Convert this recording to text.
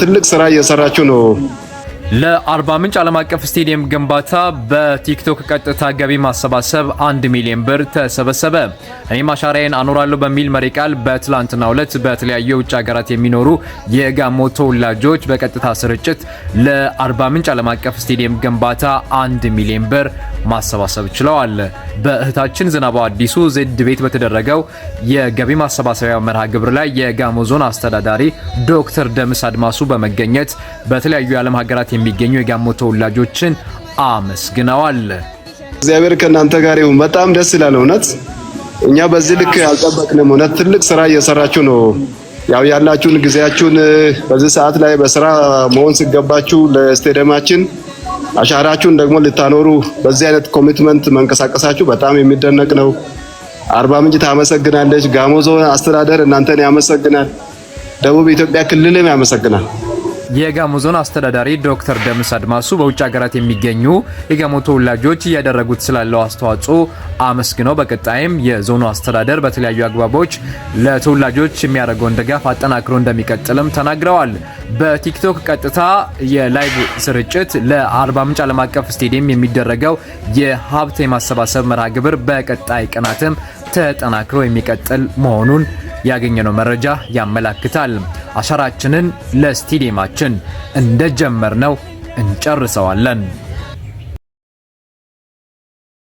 ትልቅ ስራ እየሰራችሁ ነው። ለአርባ ምንጭ ዓለም አቀፍ ስቴዲየም ግንባታ በቲክቶክ ቀጥታ ገቢ ማሰባሰብ አንድ ሚሊዮን ብር ተሰበሰበ። እኔም አሻራዬን አኖራለሁ በሚል መሪ ቃል በትላንትናው ዕለት በተለያዩ ውጭ ሀገራት የሚኖሩ የጋሞ ተወላጆች በቀጥታ ስርጭት ለአርባ ምንጭ ዓለም አቀፍ ስቴዲየም ግንባታ አንድ ሚሊዮን ብር ማሰባሰብ ችለዋል። በእህታችን ዝናባ አዲሱ ዜድ ቤት በተደረገው የገቢ ማሰባሰቢያ መርሃ ግብር ላይ የጋሞ ዞን አስተዳዳሪ ዶክተር ደምስ አድማሱ በመገኘት በተለያዩ የዓለም ሀገራት የሚገኙ የጋሞ ተወላጆችን አመስግነዋል። እግዚአብሔር ከእናንተ ጋር ይሁን። በጣም ደስ ይላል። እውነት እኛ በዚህ ልክ አልጠበቅንም። እውነት ትልቅ ስራ እየሰራችሁ ነው። ያው ያላችሁን ጊዜያችሁን በዚህ ሰዓት ላይ በስራ መሆን ሲገባችሁ ለስቴዲየማችን አሻራችሁን ደግሞ ልታኖሩ በዚህ አይነት ኮሚትመንት መንቀሳቀሳችሁ በጣም የሚደነቅ ነው። አርባ ምንጭ ታመሰግናለች። ጋሞ ዞን አስተዳደር እናንተን ያመሰግናል። ደቡብ ኢትዮጵያ ክልልም ያመሰግናል። የጋሞ ዞን አስተዳዳሪ ዶክተር ደምስ አድማሱ በውጭ ሀገራት የሚገኙ የጋሞ ተወላጆች እያደረጉት ስላለው አስተዋጽኦ አመስግነው በቀጣይም የዞኑ አስተዳደር በተለያዩ አግባቦች ለተወላጆች የሚያደርገውን ድጋፍ አጠናክሮ እንደሚቀጥልም ተናግረዋል። በቲክቶክ ቀጥታ የላይቭ ስርጭት ለአርባ ምንጭ ዓለም አቀፍ ስቴዲየም የሚደረገው የሀብት የማሰባሰብ መርሃ ግብር በቀጣይ ቀናትም ተጠናክሮ የሚቀጥል መሆኑን ያገኘነው መረጃ ያመላክታል። አሻራችንን ለስቴዲየማችን እንደጀመርነው እንጨርሰዋለን።